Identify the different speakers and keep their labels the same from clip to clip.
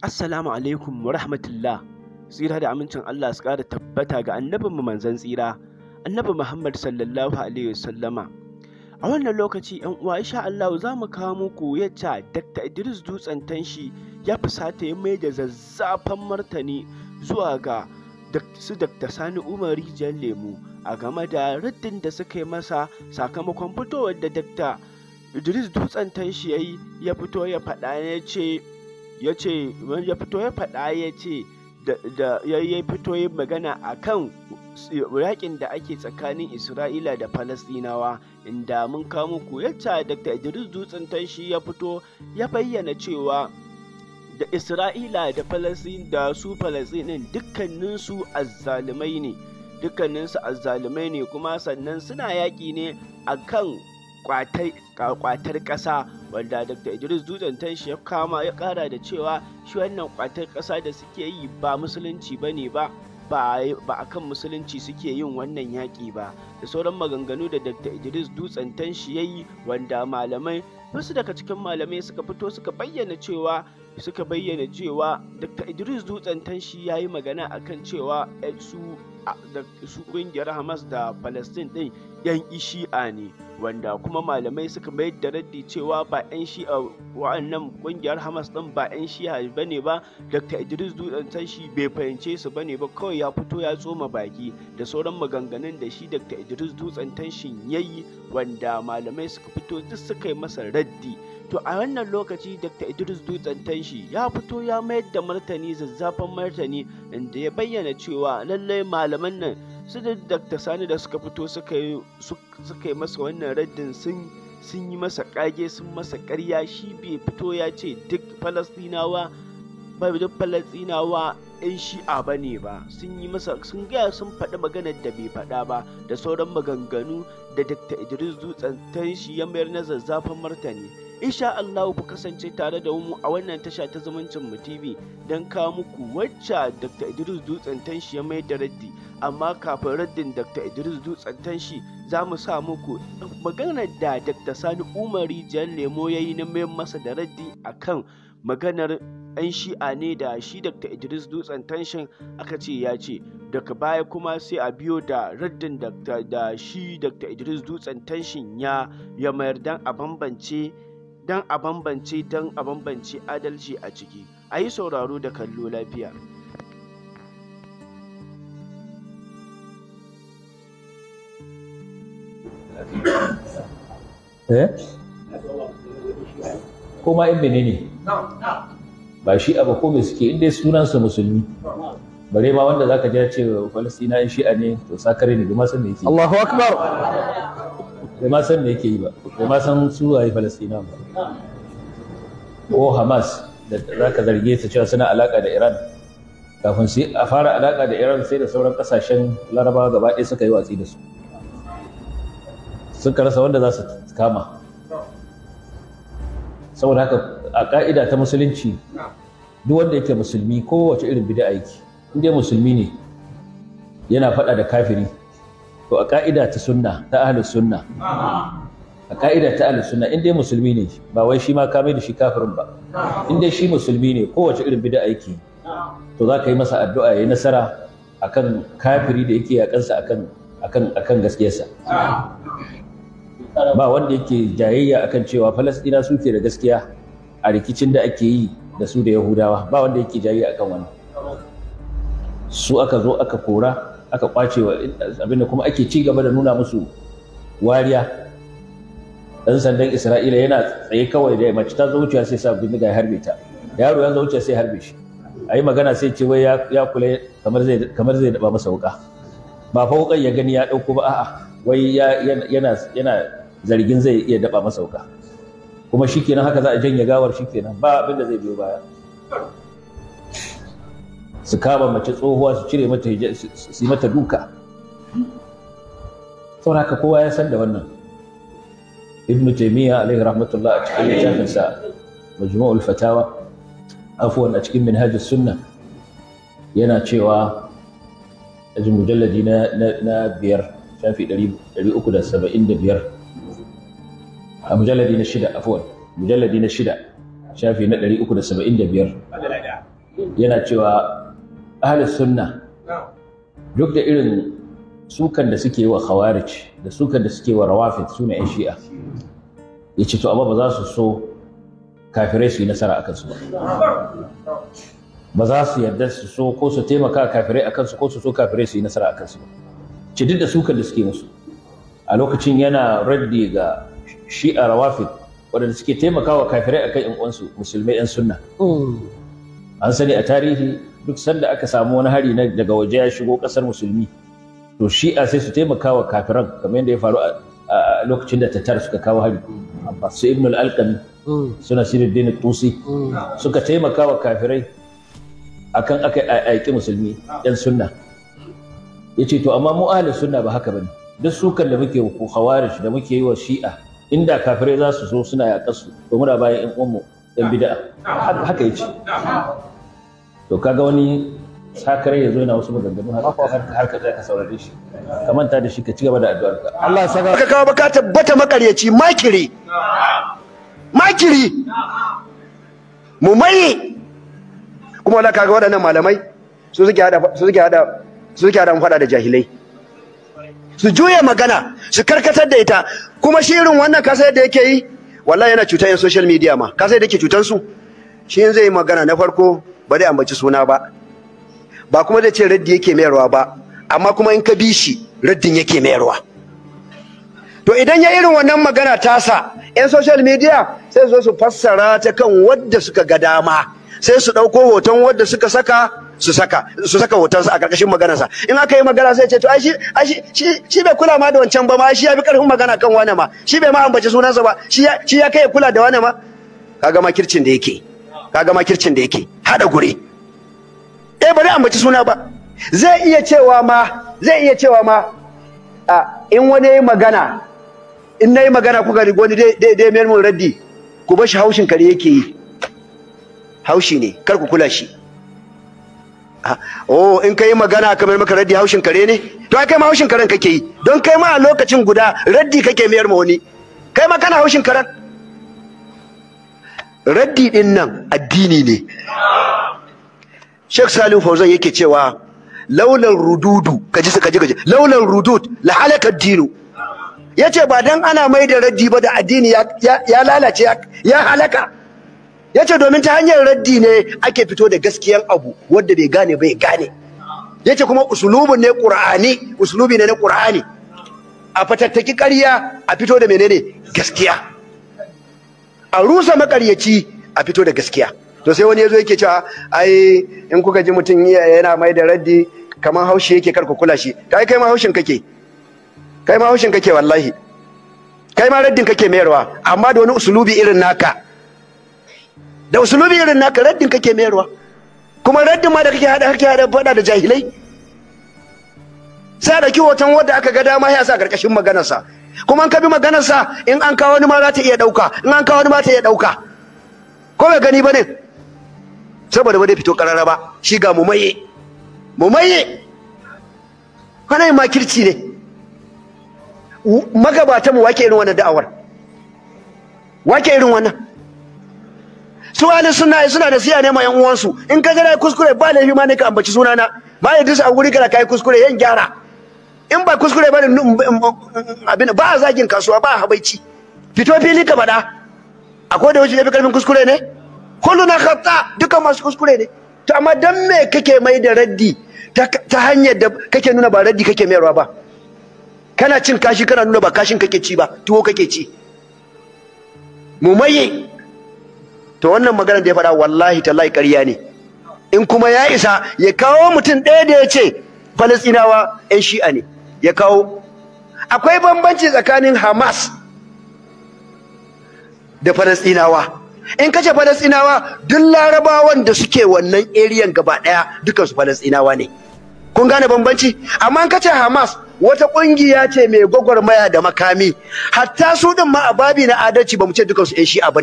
Speaker 1: Assalamu alaikum wa rahmatullah. Tsira da amincin Allah su ƙara tabbata ga annabin mu manzon tsira, annabi Muhammad sallallahu alaihi wasallama. A wannan lokaci ‘yan uwa insha Allah za mu kawo muku yacca Dr. Idris Dutsen Tanshi ya fusata ya mai da zazzafan martani zuwa ga su Dr. Sani Umar Rijiyar Lemu a game da raddin da suka yi masa sakamakon fitowar da Dr. Idris Dutsen Tanshi ya yi ya fito ya faɗa ya ce ya ce ya fito ya faɗa ya ce da ya fito yin magana a kan yakin da ake tsakanin isra'ila da Falasinawa, inda mun kamo ku yadda dr idris dutsen tanshi ya fito ya bayyana cewa da isra'ila da Falasin da su falastinin dukkaninsu azzalumai ne dukkaninsu azzalumai ne kuma sannan suna yaƙi ne a kan kwatar ƙasa wanda dr idris dutsen tanshi ya kama ya kara da cewa shi wannan kwatar kasa da suke yi ba musulunci ba ne ba ba a kan musulunci suke yin wannan yaƙi ba da sauran maganganu da dr idris dutsen tanshi ya yi wanda malamai wasu daga cikin malamai suka fito suka bayyana cewa suka bayyana cewa dr idris dutsen tanshi ya yi magana akan cewa eh, su kungiyar hamas da palestine din 'yan ishi'a ne wanda kuma malamai suka mayar da raddi cewa ba 'yan shi'a wa'annan kungiyar hamas din ba 'yan shi'a ba ne ba dr idris dutsen tashi bai fahimce su ba ba kawai ya fito ya tsoma baki da sauran maganganun da shi dr idris dutsen tashi ya yi wanda malamai suka fito duk suka yi masa raddi to a wannan lokaci dr idris dutsen tashi ya fito ya mayar da martani zazzafan martani inda ya bayyana cewa lallai malaman nan sai da dakta sani da suka fito suka yi masa wannan raddin sun yi masa kage sun masa karya shi bai fito ya ce duk falastinawa ba duk falastinawa yan shi'a ba ne ba sun yi masa sun gaya sun faɗi maganar da bai faɗa ba da sauran maganganu da dakta idris dutsen shi ya mayar na zazzafan martani Insha Allah ku kasance tare da mu a wannan tasha ta zumuncin mu TV don kawo muku wacce Dr. Idris Dutsen Tanshi ya mai da raddi amma kafin raddin Dr. Idris Dutsen Tanshi za mu sa muku maganar da Dr. Sani umari Jan Lemo ya yi na mai masa da raddi akan maganar 'yan shi'a ne da shi Dr. Idris Dutsen Tanshin aka ce ya ce daga baya kuma sai a biyo da raddin da shi Dr. Idris Dutsen Tanshin ya mayar dan a bambance don a bambance don a bambance adalci a ciki a yi sauraro da kallo lafiya
Speaker 2: eh? Koma in in menene ba shi abu ko mai suke inda sunansa musulmi bare ma wanda zaka ji ce falasina in shi'a ne to sakare ne ba san me yake Allahu akbar bai ma san me yake yi ba bai ma san su waye falastina ba ko hamas da za ka zarge su cewa suna alaka da iran kafin su a fara alaka da iran sai da sauran kasashen laraba gaba ɗaya suka yi watsi da su suka rasa wanda za su kama saboda haka a ka'ida ta musulunci duk wanda yake musulmi kowace irin bid'a aiki inda musulmi ne yana faɗa da kafiri to a ka'ida ta sunna ta ahlus sunna a ka'ida ta ahlus sunna in dai musulmi ne ba wai shi ma ka da shi kafirin ba in dai shi musulmi ne kowace irin bid'a aiki, to za ka yi masa addu'a yayi nasara akan kafiri da yake yakansa akan akan gaskiyarsa ba wanda yake jayayya akan cewa falastina suke da gaskiya a rikicin da ake yi da su da yahudawa ba wanda yake jayayya akan wannan su aka zo aka kora aka kwace wa abinda kuma ake ci gaba da nuna musu wariya dan sandan Isra'ila yana tsaye kawai da mace ta zuciya sai sa bindiga ya harbe ta yaro ya zuciya sai harbe shi ayi magana sai ce wai ya kula kamar zai kamar zai daba masa wuka ba fa wukan ya gani ya dauko ba a'a wai yana yana zargin zai iya daba masa wuka kuma shikenan haka za a janye gawar shikenan ba abinda zai biyo baya su kama mace tsohuwa su cire mata su mata duka haka kowa ya san da wannan ibn taymiya alaihi rahmatullah a cikin littafin sa majmu'ul fatawa afwan a cikin minhajus sunna yana cewa a mujalladi na na biyar shafi ɗari uku da da saba'in biyar. a mujalladi na shida afwan mujalladi na shida shafi na ɗari uku da da saba'in biyar yana cewa ahlus sunna duk da irin sukan da suke wa khawarij da sukan da suke wa rawafid suna yan shi'a ya ce to amma ba za su so kafirai su yi nasara a kansu ba ba za su yarda su so ko su taimaka kafirai a kansu ko su so kafirai su yi nasara a kansu ba ce duk da sukan da suke musu a lokacin yana raddi ga shi'a rawafid waɗanda suke taimakawa kafirai a kan yan uwansu musulmai yan sunna mm. an sani a tarihi duk sanda aka samu wani hari na daga waje ya shigo kasar musulmi to shi'a sai su taimaka wa kafiran kamar yadda ya faru a lokacin da tatar suka kawo hari hmm. su ibn al-alqami suna siruddin tusi hmm. suka taimaka wa kafirai akan aka aiki musulmi yan sunna yace to amma mu ahli sunna ba haka bane duk sukan da muke wa khawarij da muke yi wa shi'a inda kafirai za su zo suna yaƙar su to muna bayan ƴan uwanmu ƴan bid'a haka yace to kaga wani sakare ya zo na wasu maganganu har ka
Speaker 3: tsaya ka saurare shi
Speaker 2: ka manta da shi ka ci gaba da addu'ar ka
Speaker 3: Allah ya saka ka kawo baka tabbata makaryaci makiri makiri mu mai kuma wala kaga waɗannan malamai su suke hada su suke hada su suke hada fada da jahilai su juya magana su karkatar da ita kuma shi irin wannan kasa yadda yake yi wallahi yana cutar yan social media ma kasa yadda yake cutar su shi zai magana na farko ba dai ambaci suna ba ba kuma zai ce raddi yake mayarwa ba amma kuma in ka bi shi raddin yake mayarwa to idan ya irin wannan magana tasa 'yan social media sai su su fassara ta kan wadda suka ga dama sai su ɗauko hoton wadda suka saka su saka su saka hotonsa a ƙarƙashin maganarsa in aka yi magana sai ce to ai shi shi shi bai kula ma da wancan ba ma shi ya bi ƙarfin magana kan wane ma shi bai ma ambaci sunansa ba shi ya kai kula da wane ma kaga makircin da yake kaga makircin da yake hada gure eh bari ambaci suna ba zai iya cewa ma zai iya cewa ma in wani yayi magana in nayi magana kuka rigo ni dai dai mai mun raddi ku bashi haushin kare yake yi haushi ne kar ku kula shi oh in kai magana kamar maka raddi haushin kare ne to kai ma haushin karen kake yi don kai ma a lokacin guda raddi kake mayar ma wani kai ma kana haushin karen raddi din nan addini ne Sheikh Salim Fauzan yake cewa laulan rududu kaji kaji kaji laulan rudud la halaka dinu yace ba dan ana mai da raddi ba da addini ya lalace ya halaka yace domin ta hanyar raddi ne ake fito da gaskiyan abu wanda bai gane bai gane yace kuma usulubun ne qur'ani usulubi ne na qur'ani a fatattaki ƙarya a fito da menene gaskiya a rusa makaryaci a fito da gaskiya to sai wani ya zo yake cewa ai in kuka ji mutum yana mai da raddi kamar haushi yake karku kula shi kai kai ma haushin kake kai ma haushin kake wallahi kai ma raddin kake mayarwa amma da wani usulubi irin naka da usulubi irin naka raddin kake mayarwa kuma raddin ma da kake hada kake hada fada da jahilai sai da kiwotan wanda aka ga dama ya sa karkashin maganarsa kuma an ka bi maganarsa in an kawo wani ma za ta iya ɗauka in an kawo wani ma ta iya ɗauka ko bai gani ba ne saboda ba zai fito ƙarara ba shi ga mu maye mu maye Kana yin makirci ne magabatan mu wake irin wannan da'awar wake irin wannan su ahli sunna suna da siya ne ma yan uwansu in ka ga kuskure ba laifi ma ne ka ambaci sunana ba Idris a guri kala kai kuskure yan gyara in ba kuskure ba abin ba zagin kasuwa ba a habaici fito fili ka faɗa akwai da wuce ya fi karfin kuskure ne na khata duka masu kuskure ne to amma dan me kake mai da raddi ta hanyar da kake nuna ba raddi kake mayarwa ba kana cin kashi kana nuna ba kashin kake ci ba tuwo kake ci Mu mumaye to wannan maganar da ya faɗa wallahi tallahi ƙarya ne in kuma ya isa ya kawo mutum ɗaya da ya ce Falasɗinawa 'yan shi'a ne ya kawo akwai bambanci tsakanin hamas da falasɗinawa in kace falasɗinawa duk larabawan da suke wannan eriyan gaba ɗaya dukansu falasɗinawa ne kun gane bambanci amma in kace hamas wata ƙungiya ce mai gwagwarmaya da makami hatta su din ma a babi na adalci ba mu ce dukansu 'yan shi'a ba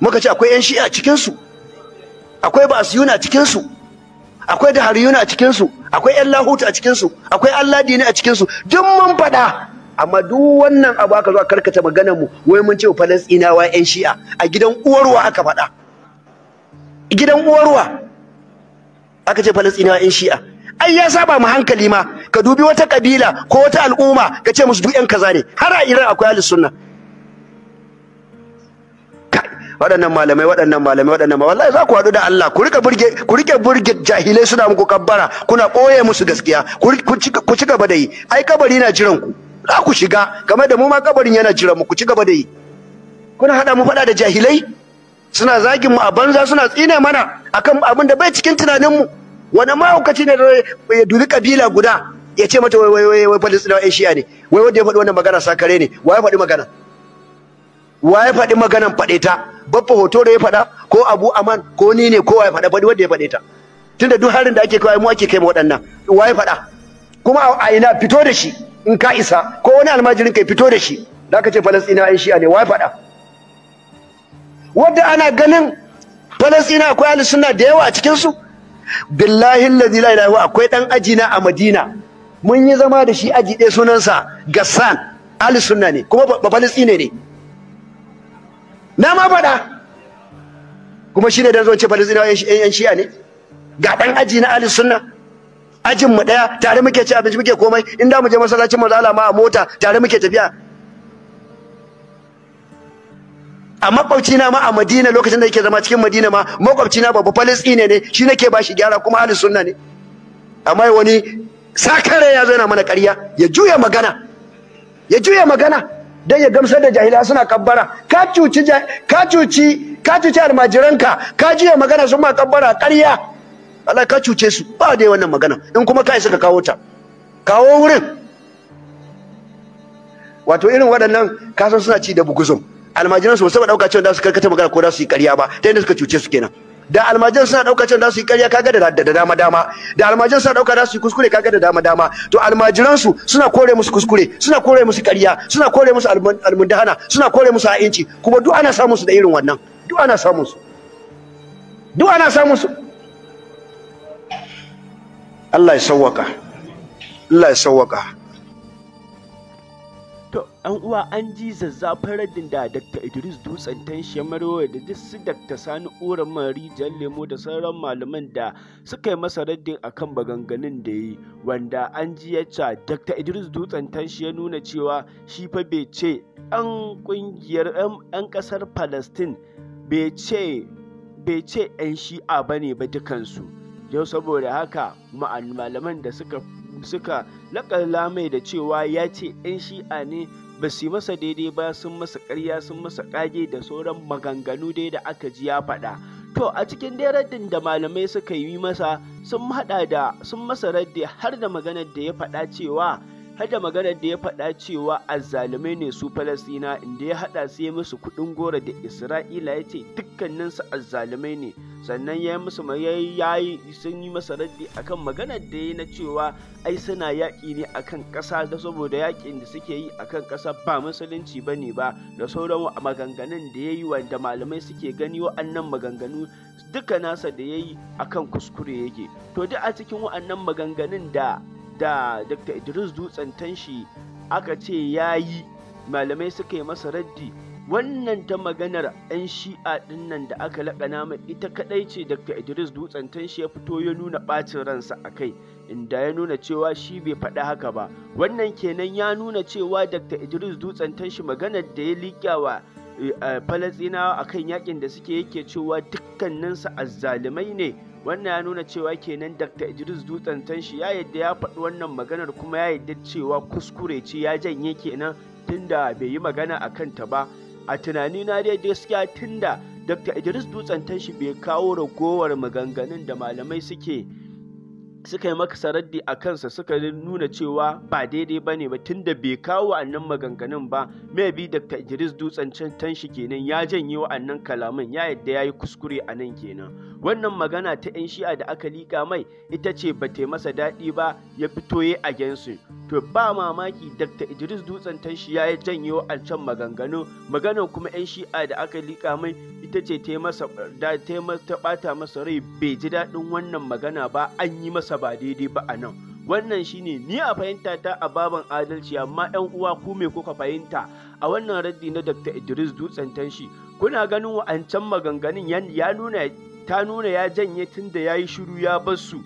Speaker 3: muka ce akwai 'yan shi'a cikinsu akwai ba a cikinsu akwai da hariyuna a cikinsu akwai yan lahuta a cikinsu akwai allah dini a cikinsu duk mun faɗa amma duk wannan abu aka zo a karkata maganar mu wai mun ce falastinawa yan shi'a a gidan uwarwa aka faɗa gidan uwarwa aka ce falastinawa yan shi'a ai ya saba mu hankali ma ka dubi wata kabila ko wata al'umma ka ce musu duk yan kaza ne har a iran akwai ahlus sunna waɗannan malamai waɗannan malamai waɗannan malamai wallahi za ku haɗu da Allah ku rika burge ku rike burge jahilai suna muku kabbara kuna ƙoye musu gaskiya ku ci gaba da yi ai kabari na jiran ku za ku shiga game da mu ma kabarin yana jiran mu ku ci gaba da yi kuna haɗa mu faɗa da jahilai suna zagin mu a banza suna tsine mana akan abin da bai cikin tunanin mu wani mahaukaci ne ya dubi kabila guda ya ce mata wai wai wai Palestinawa wai Shi'a ne wai wanda ya faɗi wannan magana sakare ne wai ya faɗi magana wa ya faɗi maganan faɗe ta babba hoto da ya faɗa ko abu aman ko ni ne kowa ya faɗa faɗi wanda ya faɗe ta tunda duk harin da ake kai mu ake kai mu waɗannan wa ya faɗa kuma a ina fito da shi in ka isa ko wani almajirin kai fito da shi da ka ce falastina ai shi'a ne wa ya faɗa wanda ana ganin falastina akwai ahlus sunna da yawa a cikin su billahi allazi la ilaha akwai dan ajina a madina mun yi zama da shi aji ɗaya sunansa gassan ahlus sunna ne kuma ba falastina ne na ma faɗa kuma shine dan zo ce yan shi'a ne ga dan aji na ahli sunna ajin mu daya tare muke ci abinci muke komai in da mu je masallacin manzo Allah ma a mota tare muke tafiya a makwabci na ma a Madina lokacin da yake zama cikin Madina ma makwabci na babu Palestine ne shi nake bashi gyara kuma ahli sunna ne amma wani sakare ya zo yana mana ƙarya ya juya magana ya juya magana dan ya gamsar da jahila suna kabbara ka cuci ka cuci ka cuci almajiranka ka jiya magana sun ma kabbara ƙarya Allah ka cuce su ba dai wannan magana in kuma kai suka ka kawo ta kawo wurin wato irin waɗannan kasan suna ci da buguzum almajiransu ba su ɗauka cewa za su karkata magana ko za su yi ƙarya ba ta yadda suka cuce su kenan da almajiran suna dauka can za su yi ƙarya kaga da da dama dama da almajiran suna dauka za su yi kuskure kaga da dama dama to almajiran su suna kore musu kuskure suna kore musu ƙarya suna kore musu almundahana suna kore musu ha'inci kuma duk ana samun su da irin wannan duk ana samun su duk ana samun su Allah ya sawwaka Allah ya sawwaka
Speaker 1: to an uwa an ji zazzafin radin da dr idris dutsen tan shemarwa da su dr sani Mari Jan lemo da sauran malaman da suka yi masa raddin kan maganganun da yi wanda an ji yacca dr idris dutsen shi ya nuna cewa shi fa bai ce an kungiyar yan kasar palestine bai ce bai ce yan shi'a bane ba dukansu yau saboda haka malaman da suka suka laƙalla mai da cewa ya ce 'yan shi'a ne ba su masa daidai ba sun masa ƙarya sun masa ƙage da sauran maganganu dai da aka ji ya faɗa to a cikin dai raddin da malamai suka yi masa sun haɗa da sun masa raddi har da maganar da ya faɗa cewa hada maganar da ya faɗa cewa azzalumai ne su falasina inda ya haɗa su ya musu kuɗin gora da isra'ila ya ce dukkaninsu azzalumai ne sannan ya yi musu yayi sun yi masa raddi kan maganar da ya yi na cewa ai suna yaƙi ne akan ƙasa da saboda yaƙin da suke yi akan ƙasa ba musulunci ba ne ba da sauran maganganun da ya yi wanda malamai suke gani wa'annan maganganu duka nasa da ya yi akan kuskure yake to duk a cikin wa'annan maganganun da da dr idris dutsen tanshi aka ce ya yi malamai suka yi masa raddi wannan ta maganar 'yan shi'a dinnan da aka laƙa nama ita kaɗai ce dr idris dutsen tanshi ya fito ya nuna ɓacin ransa a kai inda ya nuna cewa shi bai faɗi haka ba wannan kenan ya nuna cewa dr idris dutsen tanshi maganar da ya liƙyawa a akan yakin da suke yake cewa dukkaninsu azzalumai ne wannan ya nuna cewa kenan Dr. Idris Dutsen tanshi ya yadda ya faɗi wannan maganar kuma ya yadda cewa kuskure ce ya janye kenan tunda bai yi magana a kanta ba a tunani na dai gaskiya tunda Dr. Idris Dutsen tanshi bai kawo ragowar maganganun da malamai suke suka yi maka raddi a kansa suka nuna cewa ba daidai ba ne ba da bai kawo wa'annan maganganun ba mai bi dr idris dutsen can shi kenan ya janye wa'annan kalaman ya yadda ya yi kuskure a nan kenan wannan magana ta 'yan shi'a da aka liƙa mai ita ce ba ta masa daɗi ba ya fito ya a gensu to ba mamaki dr idris dutsen tanshi ya janye can maganganu maganar kuma 'yan shi'a da aka liƙa mai ita ce ta ɓata masa rai bai ji daɗin wannan magana ba an yi masa ba daidai ba a nan wannan shine ni a fahimta ta a baban adalci amma yan uwa ku me kuka fahimta a wannan raddi na Dr. Idris Dutsen Tanshi kuna ganin wa'ancan maganganun ya nuna ta nuna ya janye tun da ya yi shiru ya basu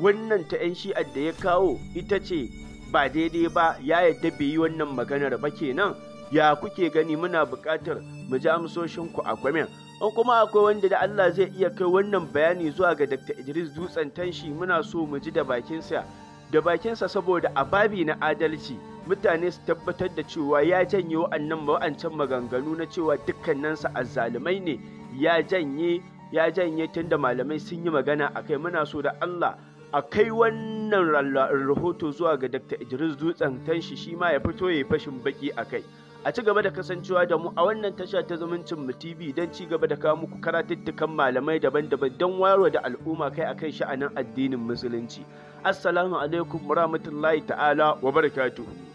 Speaker 1: wannan ta 'yan shi'ar da ya kawo ita ce ba daidai ba ya yadda bai yi wannan maganar ba kenan ya kuke gani muna buƙatar mu ji amsoshinku a kwamen in kuma akwai wanda da Allah zai iya kai wannan bayani zuwa ga Dr. Idris Dutsen Tanshi muna so mu ji da bakinsa da bakinsa saboda a babi na adalci mutane su tabbatar da cewa ya janye wa'annan wa'ancan maganganu na cewa dukkanansa azzalumai ne ya janye ya janye tunda malamai sun yi magana akai muna so da Allah a kai wannan rahoto zuwa ga Dr. Idris Dutsen Tanshi shi ma ya fito ya yi fashin baki akai. a ci gaba da kasancewa da mu a wannan tasha ta zumuncin mu TV don ci gaba da kawo muku karatuttukan malamai daban-daban don wayarwa da al'umma kai akan sha'anin addinin musulunci. Assalamu alaikum warahmatullahi ta'ala wa barakatuhu.